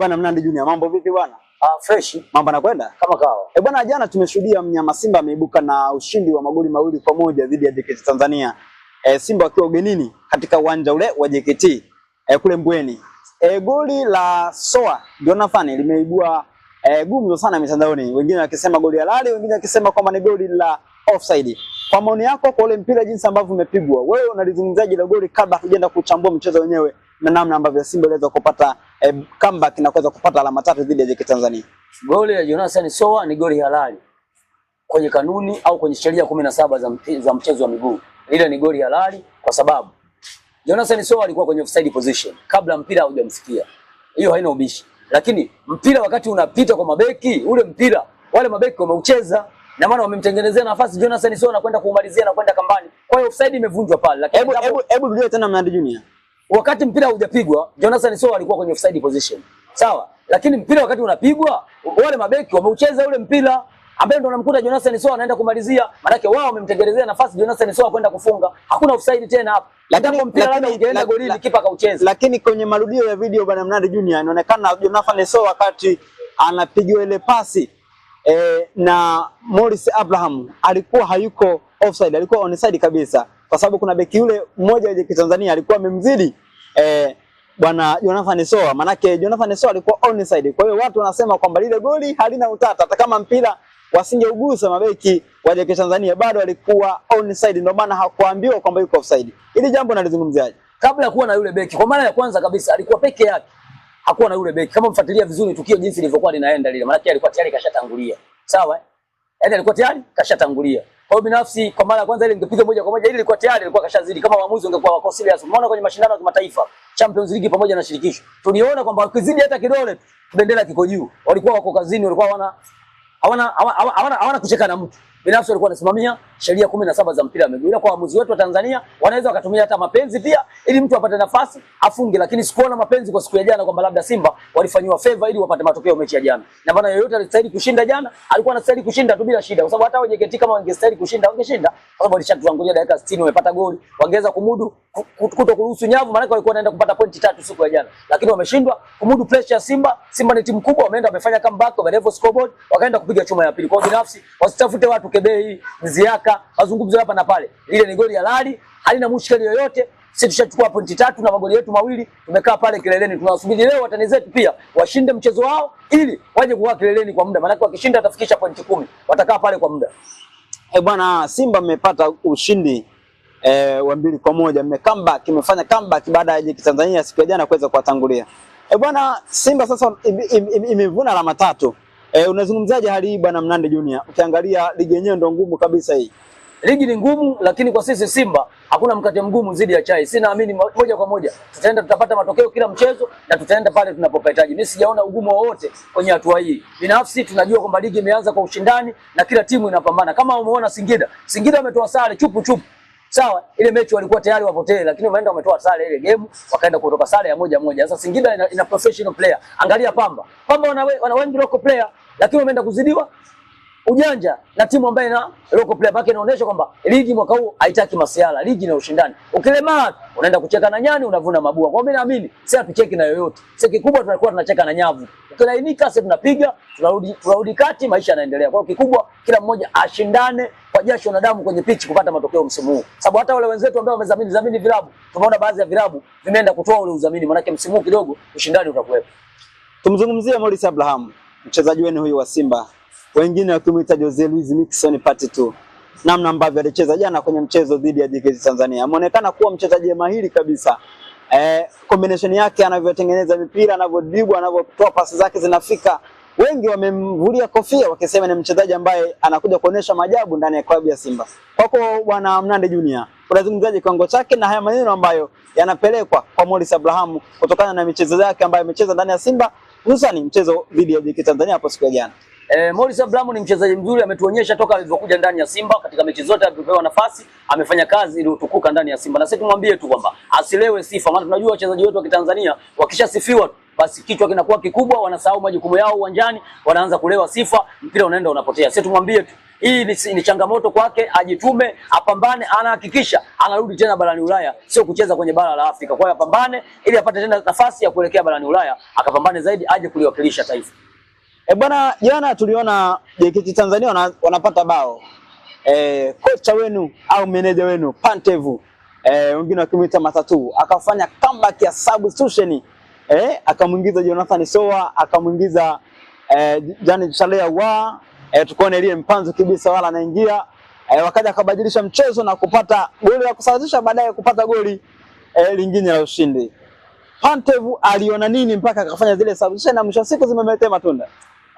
Bwana Mnandi Junior, mambo vipi bwana? Ah, fresh. Mambo yanakwenda? Kama kawa. Eh, bwana jana tumeshuhudia mnyama Simba ameibuka na ushindi wa magoli mawili kwa moja dhidi ya JKT Tanzania. Eh, Simba wakiwa ugenini katika uwanja ule wa JKT eh, kule Mbweni. Eh, goli la Soa Jonathan limeibua eh, gumzo sana mitandaoni. Wengine wakisema goli halali, wengine wakisema kwamba ni goli la offside. Kwa maoni yako kwa ule mpira jinsi ambavyo umepigwa, wewe unalizungumzaje la goli kabla hatujaenda kuchambua mchezo wenyewe? na namna ambavyo Simba iliweza kupata eh, comeback na kuweza kupata alama tatu dhidi ya JK Tanzania. Goli la Jonathan Soa ni goli halali kwenye kanuni au kwenye sheria kumi na saba za, za mchezo wa miguu. Ile ni goli halali kwa sababu Jonathan Soa alikuwa kwenye offside position kabla mpira haujamfikia. Hiyo haina ubishi. Lakini mpira wakati unapita kwa mabeki, ule mpira wale mabeki wameucheza na maana wamemtengenezea nafasi Jonathan Soa na kwenda kuumalizia na kwenda kambani. Kwa hiyo offside imevunjwa pale. Lakini hebu hebu hebu tena Mnandi Junior wakati mpira haujapigwa Jonathan Sow alikuwa kwenye offside position. Sawa? Lakini mpira wakati unapigwa wale mabeki wameucheza ule mpira ambaye ndo anamkuta Jonathan Sow anaenda kumalizia, maanake wao wamemtengenezea nafasi Jonathan Sow kwenda kufunga. Hakuna offside tena hapo. Lakini mpira labda ungeenda golini kipa kaucheza. Lakini kwenye marudio ya video bwana Mnandi Junior inaonekana Jonathan Sow wakati anapigwa ile pasi eh, na Morris Abraham alikuwa hayuko offside, alikuwa onside kabisa kwa sababu kuna beki yule mmoja wa JKT Tanzania alikuwa amemzidi eh, bwana Jonathan Soa, manake Jonathan Soa alikuwa onside. Kwa hiyo watu wanasema kwamba lile goli halina utata, hata kama mpira wasingeugusa mabeki wa JKT Tanzania bado alikuwa onside, ndio maana hakuambiwa kwamba yuko offside. Ili jambo nalizungumziaje? Kabla ya kuwa na yule beki, kwa mara ya kwanza kabisa alikuwa peke yake, hakuwa na yule beki. Kama mfuatilia vizuri tukio jinsi lilivyokuwa linaenda lile, maana alikuwa tayari kashatangulia, sawa eh? Yaani alikuwa tayari kashatangulia kwa hiyo binafsi kwa mara ya kwanza ile ningepiga moja kwa moja ile ilikuwa tayari ilikuwa kashazidi kama waamuzi ungekuwa wako serious. Umeona kwenye mashindano ya kimataifa, Champions League pamoja na shirikisho. Tuliona kwamba ukizidi hata kidole bendera kiko juu. Walikuwa wako kazini, walikuwa wana hawana hawana hawana kucheka na mtu. Binafsi walikuwa wanasimamia sheria 17 za mpira wa miguu. Ila kwa waamuzi wetu wa Tanzania wanaweza wakatumia hata mapenzi pia ili mtu apate nafasi afunge, lakini sikuona mapenzi kwa siku ya jana kwamba labda Simba walifanywa favor ili wapate matokeo mechi ya jana. Na maana yoyote alistahili kushinda jana, alikuwa anastahili kushinda tu bila shida, kwa sababu hata wenye kama wangestahili kushinda wangeshinda, kwa sababu walishatuangulia dakika 60 wamepata goli, wangeweza kumudu kuto kuruhusu nyavu, maana walikuwa wanaenda kupata pointi tatu siku ya jana, lakini wameshindwa kumudu pressure ya Simba. Simba ni timu kubwa, wameenda wamefanya comeback, level scoreboard, wakaenda kupiga chuma ya pili. Kwa binafsi wasitafute watu kebei, mziaka, mazungumzo hapa na pale. Ile ni goli halali, halina mushkeli yoyote. Sisi tushachukua pointi tatu na magoli yetu mawili, tumekaa pale kileleni. Tunawasubiri leo watani zetu pia washinde mchezo wao ili waje kukaa kileleni kwa muda, maanake wakishinda watafikisha pointi kumi, watakaa pale kwa muda. Eh bwana, Simba mmepata ushindi eh, wa mbili kwa moja. Mme comeback imefanya comeback baada ya JKT Tanzania siku ya jana kuweza kuwatangulia. Eh bwana, Simba sasa imevuna alama tatu. Eh, unazungumzaje hali hii bwana Mnandi Junior? Ukiangalia ligi yenyewe ndio ngumu kabisa hii. Ligi ni ngumu, lakini kwa sisi Simba hakuna mkate mgumu zidi ya chai. Sina amini moja kwa moja tutaenda tutapata matokeo kila mchezo na tutaenda pale tunapopahitaji. Mimi sijaona ugumu wowote kwenye hatua hii. Binafsi tunajua kwamba ligi imeanza kwa ushindani na kila timu inapambana. Kama umeona Singida, Singida ametoa sare chupu chupu. Sawa, ile mechi walikuwa tayari wapotee, lakini waenda wametoa sare ile game, wakaenda kutoka sare ya moja moja. Sasa Singida ina, ina professional player. Angalia Pamba, Pamba wana, wana wengi local player, lakini wameenda kuzidiwa ujanja na timu ambayo ina local player yake, inaonyesha kwamba ligi mwaka huu haitaki masiala, ligi na ushindani. Ukilemaa unaenda kucheka na nyani, unavuna mabua. Kwa mimi naamini sisi hatucheki na yoyote, sisi kikubwa tunakuwa tunacheka na nyavu. Ukilainika sisi tunapiga, tunarudi tunarudi kati, maisha yanaendelea. Kwa hiyo kikubwa kila mmoja ashindane kwa jasho na damu kwenye pitch kupata matokeo msimu huu, sababu hata wale wenzetu ambao wamezamini zamini vilabu, tumeona baadhi ya vilabu vimeenda kutoa ule uzamini, maanake msimu huu kidogo ushindani utakuwepo. Tumzungumzie Morris Abraham, mchezaji wenu huyu wa Simba wengine wakimwita Jose Luis Miquissone part 2 namna ambavyo alicheza jana kwenye mchezo dhidi ya JKT Tanzania. Ameonekana kuwa mchezaji mahiri kabisa. Eh, combination yake anavyotengeneza mipira, anavyodribble, anavyotoa pasi zake zinafika. Wengi wamemvulia kofia wakisema ni mchezaji ambaye anakuja kuonesha maajabu ndani ya klabu ya Simba. Kwako bwana Mnande Junior, unazungumzaje kiwango chake na haya maneno ambayo yanapelekwa kwa Morris Abraham kutokana na michezo yake ambayo amecheza ndani ya Simba, hususan mchezo dhidi ya JKT Tanzania hapo siku ya jana? Eh, Morris Abraham ni mchezaji mzuri, ametuonyesha toka alivyokuja ndani ya Simba katika mechi zote alipopewa nafasi, amefanya kazi iliyotukuka ndani ya Simba, na sisi tumwambie tu kwamba asilewe sifa, maana tunajua wachezaji wetu wa Kitanzania wakishasifiwa basi kichwa kinakuwa kikubwa, wanasahau majukumu yao uwanjani, wanaanza kulewa sifa, mpira unaenda unapotea. Sisi tumwambie tu hii ni, ni changamoto kwake, ajitume, apambane, anahakikisha anarudi tena barani Ulaya, sio kucheza kwenye bara la Afrika. Kwa hiyo apambane ili apate tena nafasi ya kuelekea barani Ulaya, akapambane zaidi, aje kuliwakilisha taifa. E, bwana jana tuliona JKT Tanzania wana, wanapata bao. E, kocha wenu au meneja wenu Pantevu e, wengine wakimwita matatu akafanya comeback ya substitution e, akamwingiza Jonathan Soa akamwingiza e, Jani Chalea wa e, tukaona ile mpanzo kibisa wala anaingia e, wakaja akabadilisha mchezo na kupata goli la kusawazisha baadaye kupata goli e, lingine la ushindi. Pantevu aliona nini mpaka akafanya zile substitution na mwisho siku zimemletea matunda?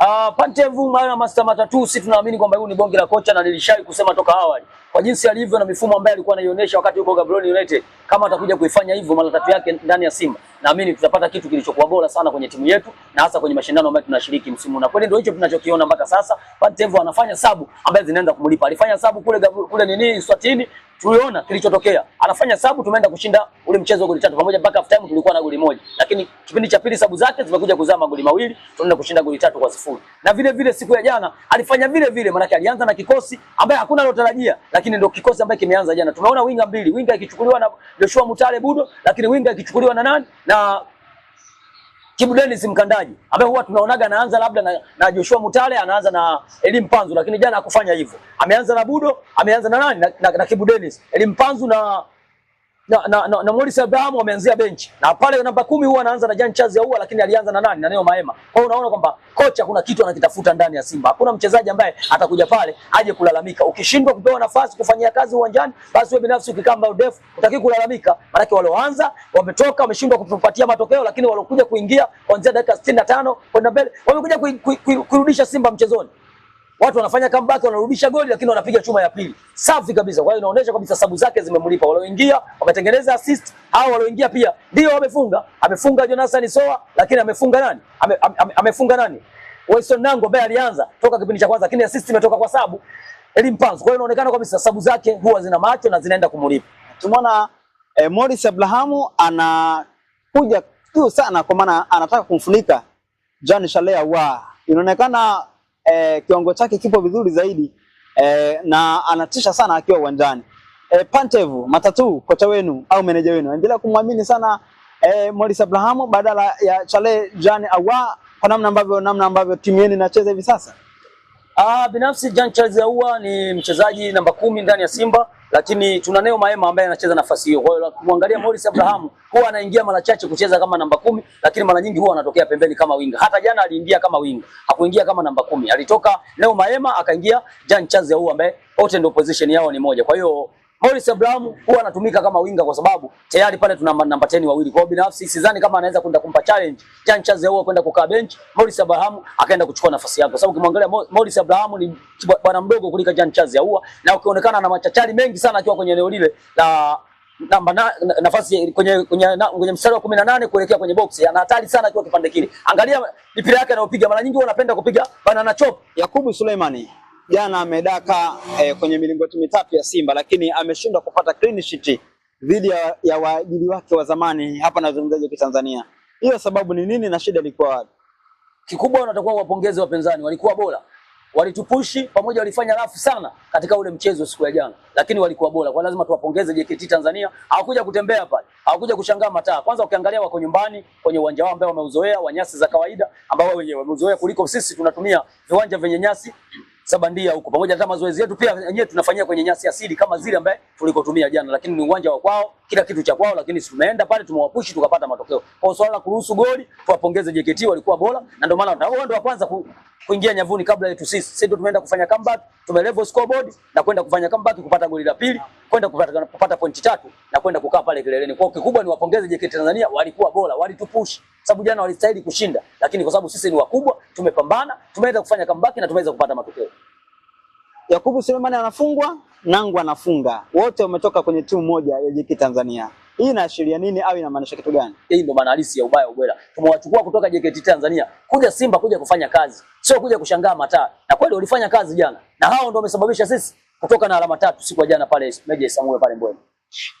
Uh, ah, Pantevu na Master Matatu, sisi tunaamini kwamba huyu ni bonge la kocha na nilishawahi kusema toka awali kwa jinsi alivyo na mifumo ambayo alikuwa anaionyesha wakati yuko Gaborone United kama atakuja kuifanya hivyo mara tatu yake ndani ya Simba, naamini tutapata kitu kilichokuwa bora sana kwenye timu yetu na hasa kwenye mashindano ambayo tunashiriki msimu. Na kweli ndio hicho tunachokiona mpaka sasa. Pantevo anafanya sabu ambazo zinaenda kumlipa. Alifanya sabu kule kule nini Swatini, tuliona kilichotokea. Anafanya sabu, tumeenda kushinda ule mchezo goli tatu pamoja, mpaka half time tulikuwa na goli moja, lakini kipindi cha pili sabu zake zimekuja kuzama goli mawili, tunaenda kushinda goli tatu kwa sifuri. Na vile vile siku ya jana alifanya vile vile, maana alianza na kikosi ambaye hakuna alotarajia, lakini ndio kikosi ambaye kimeanza jana. Tumeona winga mbili, winga ikichukuliwa na Joshua Mutale Budo, lakini winga ikichukuliwa na nani na Kibu Dennis Mkandaji ambaye huwa tunaonaga anaanza labda na, na Joshua Mutale anaanza na Elim Panzu, lakini jana hakufanya hivyo. Ameanza na Budo, ameanza na nani na, na, na Kibu Dennis, Elim Panzu na na, na, na, na Morris Abraham wameanzia benchi na pale namba kumi huwa anaanza na Jan Chazi Ahoua, lakini alianza na nani na Neo Maema. Kwa hiyo unaona kwamba kocha kuna kitu anakitafuta ndani ya Simba. Hakuna mchezaji ambaye atakuja pale aje kulalamika. Ukishindwa kupewa nafasi kufanyia kazi uwanjani, basi wewe binafsi ukikaa muda utaki kulalamika, maanake walioanza wametoka, wameshindwa kutupatia matokeo, lakini waliokuja kuingia kuanzia dakika 65 kwenda mbele wamekuja kuirudisha Simba mchezoni. Watu wanafanya comeback, wanarudisha goli, lakini wanapiga chuma ya pili. Safi kabisa. Kwa hiyo inaonyesha kabisa sabu zake zimemlipa. Walioingia wametengeneza assist, hao walioingia pia ndio wamefunga. Amefunga Jonathan Soa, lakini amefunga nani? Ame, ame, amefunga nani? Wilson Nango ambaye alianza toka kipindi cha kwanza, lakini assist imetoka kwa Sabu Elimpanzu. Kwa hiyo inaonekana kabisa sabu zake huwa zina macho na zinaenda kumlipa. Tumeona eh, Morris Abrahamu anakuja juu sana kwa maana anataka kumfunika Jan Shalea wa. Inaonekana e, kiwango chake kipo vizuri zaidi e, na anatisha sana akiwa uwanjani. E, Pantevu Matatu, kocha wenu au meneja wenu, endelea kumwamini sana e, Morris Abrahamu badala ya Chale Jean Ahoua kwa namna ambavyo namna ambavyo timu yenu inacheza hivi sasa. Ah, binafsi Jean Charles Ahoua ni mchezaji namba kumi ndani ya Simba lakini tuna Neo Maema ambaye anacheza nafasi hiyo. Kwa hiyo kumwangalia Morris Abraham huwa anaingia mara chache kucheza kama namba kumi, lakini mara nyingi huwa anatokea pembeni kama winga. Hata jana aliingia kama winga, hakuingia kama namba kumi. Alitoka Neo Maema akaingia Jan Chaze, huyu ambaye wote ndio position yao ni moja. Kwa hiyo Morris Abraham huwa anatumika kama winga kwa sababu tayari pale tuna namba 10 wawili. Kwa hiyo binafsi sidhani kama anaweza kwenda kumpa challenge. Jan Chaze huwa kwenda kukaa bench, Morris Abraham akaenda kuchukua nafasi yake. Kwa sababu ukimwangalia Morris Abraham ni bwana mdogo kuliko Jan Chaze huwa na ukionekana na machachari mengi sana akiwa kwenye eneo lile la namba na, na, nafasi kwenye kwenye, na, kwenye mstari wa 18 kuelekea kwenye box ana hatari sana akiwa kipande kile. Angalia mipira yake anayopiga, mara nyingi huwa anapenda kupiga banana chop. Yakubu Suleimani jana amedaka eh, kwenye milingoti mitatu ya Simba, lakini ameshindwa kupata clean sheet dhidi ya, ya waajili wake wa zamani. Hapa nazungumzaje kwa Tanzania? Hiyo sababu ni nini na shida ilikuwa wapi? Kikubwa wanatakuwa kuwapongeza wapinzani, walikuwa bora, walitupushi pamoja, walifanya rafu sana katika ule mchezo siku ya jana, lakini walikuwa bora. Kwa lazima tuwapongeze JKT Tanzania, hawakuja kutembea pale, hawakuja kushangaa mataa. Kwanza ukiangalia wako nyumbani kwenye uwanja wao ambao wameuzoea wa nyasi za kawaida, ambao wenyewe wameuzoea kuliko sisi tunatumia viwanja vyenye nyasi sabandia huko, pamoja na mazoezi yetu pia yenyewe tunafanyia kwenye nyasi asili kama zile ambaye tulikotumia jana, lakini ni uwanja wa kwao, kila kitu cha kwao, lakini tumeenda pale tumewapushi tukapata matokeo. Kwa swala la kuruhusu goli, tuwapongeze JKT, walikuwa bora na ndio maana wao ndio wa kwanza ku, kuingia nyavuni kabla yetu sisi. Sisi ndio tumeenda kufanya comeback, tumelevel scoreboard na kwenda kufanya comeback kupata goli la pili, kwenda kupata, kupata pointi tatu na kwenda kukaa pale kileleni. Kwa kikubwa ni wapongeze JKT Tanzania, walikuwa bora, walitupush, sababu jana walistahili kushinda, lakini kwa sababu sisi ni wakubwa, tumepambana, tumeweza kufanya comeback na tumeweza kupata matokeo. Yakubu Sulemani anafungwa, Nangu anafunga, wote wametoka kwenye timu moja ya JK Tanzania. Hii inaashiria nini au inamaanisha kitu gani? Hii ndio maana halisi ya ubaya ubwela. Tumewachukua kutoka JKT Tanzania kuja Simba kuja kufanya kazi, sio kuja kushangaa mataa. Na kweli walifanya kazi jana, na hao ndio wamesababisha sisi kutoka na alama tatu siku ya jana pale Meja Samuel pale Mbweni.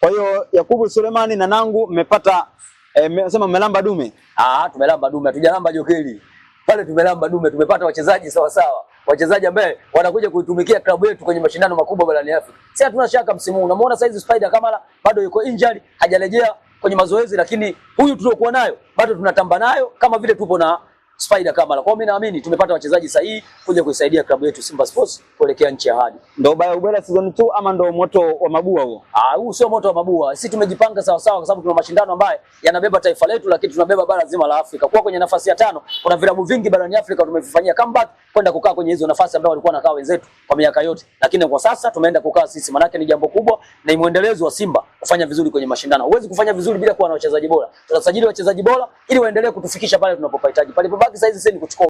Kwa hiyo Yakubu Sulemani na Nangu mmepata Eh, mmelamba dume? Ah, tumelamba dume, hatujalamba jokeli. Pale tumelamba dume, tumepata wachezaji sawa sawa. Wachezaji ambao wanakuja kuitumikia klabu yetu kwenye mashindano makubwa barani Afrika. Sisi hatuna shaka msimu huu. Unamuona saizi Spider Kamara bado yuko injury, hajarejea kwenye mazoezi, lakini huyu tuliokuwa nayo bado tunatamba nayo kama vile tupo na Spider Kamara. Kwa mimi naamini tumepata wachezaji sahihi kuja kuisaidia klabu yetu Simba Sports kuelekea nchi ya ahadi. Ndio baya ubora season 2 ama ndio moto wa mabua huo? Ah, huu sio moto wa mabua. Sisi tumejipanga sawa sawa kwa sababu tuna mashindano ambayo yanabeba taifa letu lakini tunabeba bara zima la Afrika. Kwa kwenye nafasi ya tano kuna vilabu vingi barani Afrika tumevifanyia comeback kwenda kukaa kwenye hizo nafasi ambazo walikuwa nakaa wenzetu kwa miaka yote. Lakini kwa sasa tumeenda kukaa sisi, manake ni jambo kubwa na imuendelezo wa Simba kufanya vizuri kwenye mashindano. Huwezi kufanya vizuri bila kuwa na wachezaji bora. Tutasajili wachezaji bora ili waendelee kutufikisha pale tunapopahitaji. Pale Mabaki saizi sisi ni kuchukua